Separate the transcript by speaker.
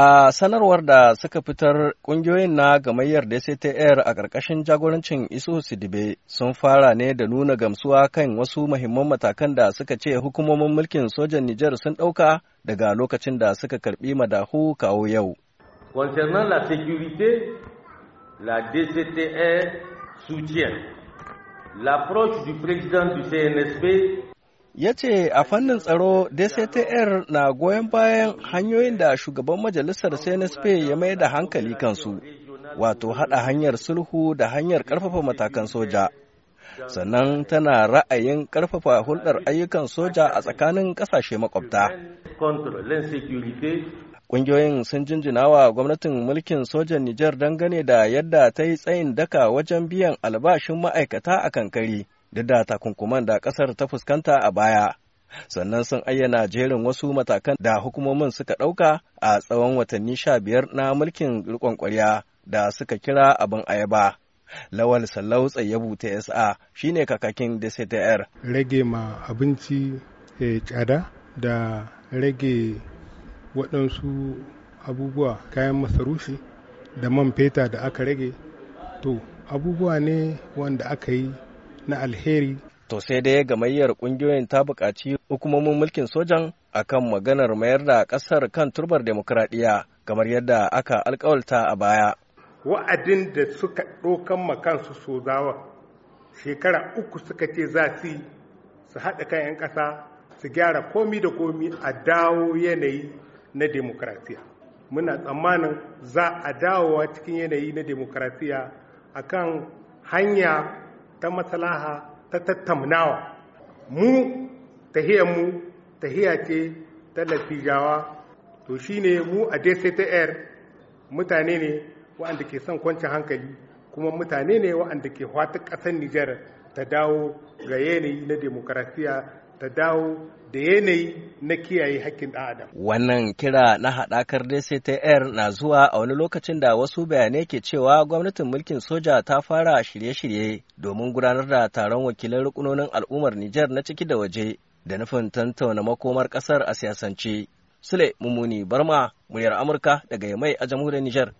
Speaker 1: A sanarwar da suka fitar ƙungiyoyin na gamayyar DCTR a ƙarƙashin jagorancin Isuhu Sidibe sun fara ne da nuna gamsuwa kan wasu muhimman matakan da suka ce hukumomin mulkin sojan Nijar sun ɗauka daga lokacin da suka karɓi madahu kawo yau.
Speaker 2: Concernant la sécurité, la DCTR soutient l'approche du président du CNSP
Speaker 1: ya ce a fannin tsaro dctr na goyon bayan hanyoyin da shugaban majalisar cnsp ya mai da hankali kansu wato hada hanyar sulhu da hanyar karfafa matakan soja sannan tana ra'ayin karfafa hulɗar ayyukan soja a tsakanin ƙasashe makwabta Ƙungiyoyin sun jinjina wa gwamnatin mulkin sojan Nijar dangane da yadda ta yi tsayin daka wajen biyan albashin ma'aikata a kankari. duk da takunkuman da kasar ta fuskanta a baya. Sannan sun ayyana jerin wasu matakan da hukumomin suka ɗauka a tsawon watanni sha biyar na mulkin riƙon ƙwarya da suka kira abin ayaba. Lawal Sallau Tsayyabu sa shine kakakin DCTR.
Speaker 3: Rage ma abinci eh, tsada da rage waɗansu abubuwa kayan masarufi da man feta da aka rage to abubuwa ne wanda aka yi na alheri
Speaker 1: to sai dai gamayyar kungiyoyin ta buƙaci hukumomin mulkin sojan akan maganar mayar da ƙasar kan turbar demokuraɗiyya kamar yadda aka alkawalta a baya
Speaker 3: wa'adin da suka ɗaukan makansu sozawa shekara uku suka ce za su yi su haɗa kan 'yan ƙasa su gyara komi da komi a dawo yanayi na demokratiya muna tsammanin za a dawowa cikin yanayi na demokratiya akan hanya ta matsalaha ta tattaunawa mu tahiyar mu tahiya ce ta lafijawa to shi ne mu a DCTR mutane ne waɗanda ke son kwancin hankali kuma mutane ne waɗanda ke hwata ƙasar Nijar ta dawo ga yanayi na demokarasiya ta dawo da yanayi na kiyaye hakkin ɗan adam.
Speaker 1: Wannan kira na haɗakar DCTR na zuwa a wani lokacin da wasu bayanai ke cewa gwamnatin mulkin soja ta fara shirye-shirye domin gudanar da taron wakilan rukunonin al'ummar Nijar na ciki da waje da nufin tantauna makomar ƙasar a siyasance. Sule mummuni Barma, muryar Amurka daga Yamai a jamhuriyar Nijar.